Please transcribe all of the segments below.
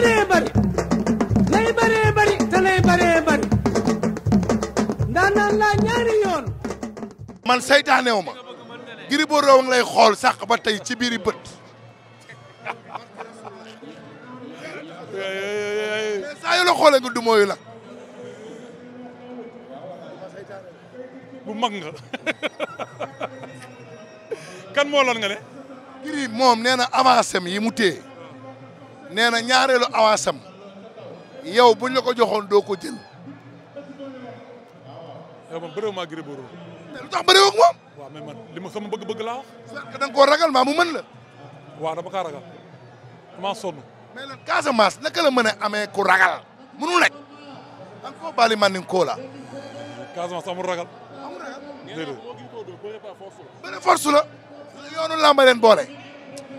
bëree bëri lay bëree bëri lay yoon man saytaaneew ma Gris Bordeaux ngi lay xool sax ba tey ci biiri bët saa yoo lo xoolee nga du mooyu la bu mag nga kan moo loon nga ne Gris moom nee na yi mu nee na ñaareelu avance am yow ko joxoon doo ko jël. yow man bëriwuma ak Gris Bordeaux. lu tax bëriwoo ak moom. waaw mais bëgg-bëgg laa wax. c'est da nga koo ragal maa mu mën la. waaw dama kaa ragal damaa sonn. mais lan Casamance naka la mën a amee ku ragal mënu nekk. an koo baali ragal. amul ragal déedéet. bëri force la. yoonu làmba boole.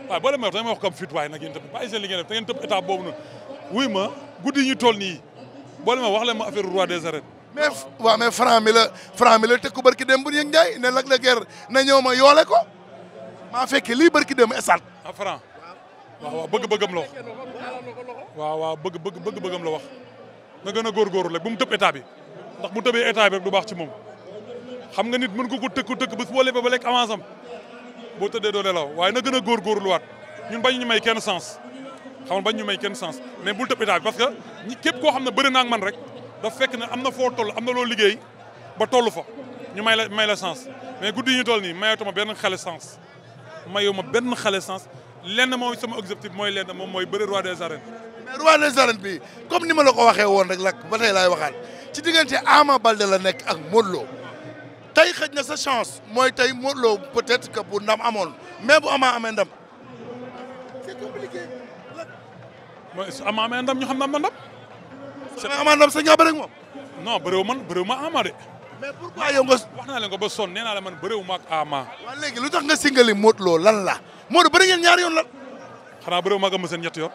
waaye boo leen may wax damay wax comme fit waaye nag yéen tëb état boobu noonu wuy ma guddi yi ñu toll nii boo leen ma wax leen ma affaire roi des arènes mais waaw mais franc mi la franc mi la teg ko barki dem bu yëg njaay ne Lac de Guiers na ñëw ma yoole ko maa fekke lii barki dem esat a franc waaw waaw bëgg-bëggam la wax waaw waaw bëgg bëgg bëgg-bëggam la wax na gën a góorgóorlu rek mu tëb état bi ndax bu tëbee état bi rek du baax ci moom xam nga nit mën ko ko tëkku tëkk bés boo lebe ba lekk avance am boo tëddee doo nelaw waaye na gën a góorgóorluwaat ñun bañ ñu may kenn sens xam bañ ñu may kenn sens mais bul tëb parce que képp koo xam ne bëri naa man rek daf fekk ne am na foo toll am na loo liggéey ba toll fa ñu may la may la sens mais guddi yi ñu toll nii mayatuma benn xale sens mayu ma benn xale sens lenn mooy sama objectif mooy lenn moom mooy bëri roi des arènes mais roi des arènes bi comme ni ma la ko waxee woon rek lak ba tey laay waxaat ci diggante Ama Baldé la nekk ak Modou Lo tey xëj na sa chance mooy tey Modou Lo peut-être que bu ndam amoon mais bu Ama amee ndam. c'est compliqué. mooy su Ama amee ndam ñu xam ne am na ndam. su Ama ndam sañ nga bëri moom. non bëriwu man bëriwu ma Ama de. mais pourquoi yow nga. wax naa leen ko ba sonn nee naa la man ak Ama. waaw léegi lu tax nga singali Modou Lo lan la Modou bëri ngeen ñaari yoon la. xanaa bëriwu ma ak Ama seen ñetti yoon.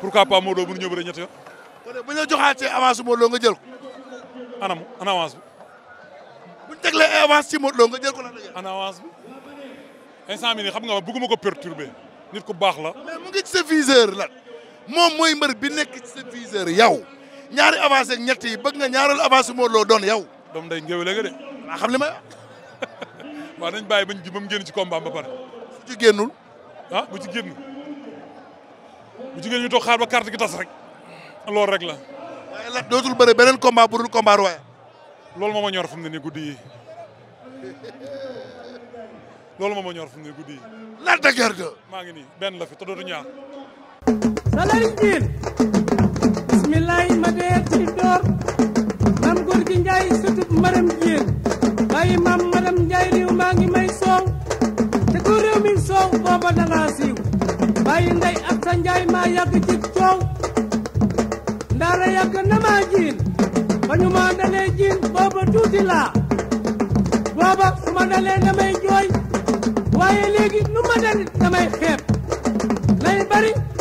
pourquoi pas Modou Lo mënu ñëw bëri ñetti yoon. bu ñu la joxaatee avance Modou Lo nga jël ko. anam ana avance teg la avance ci Modou Lo nga jël ko la an avance bi instant bi nii xam nga bëgguma ko perturber nit ku baax la. mais mu ngi ci sa la moom mooy mbër bi nekk ci sa viseur yow ñaari avance ak ñett bëgg nga ñaareelu avance moo Modou Lo doon yow. doom day ngéwél nga de. maa xam li ma wax. nañ bàyyi bañ ji ba mu ci combat ba pare. bu ci génnul. ah bu ci génn bu ci génn ñu toog xaar ba carte gi tas rek loolu rek la. waaye dootul bëre beneen combat bu dul combat royal. loolu moo ma ñor fu mu ne nii guddi yi loolu moo ma ñor fu mu ne guddi yi. maa ngi nii benn la fi te dootu ñaar. salari jiin bismillahi ma dee ci door maam góor gi njaay sutub maram jiin bàyyi maam njaay maa ngi may te réew mi booba siiw bàyyi ndey ak sa njaay maa yàgg ba ñu ma dalee jiin booba tuuti laa booba su ma dalee damay jooy waaye léegi nu ma dalit damay xeeb lay bari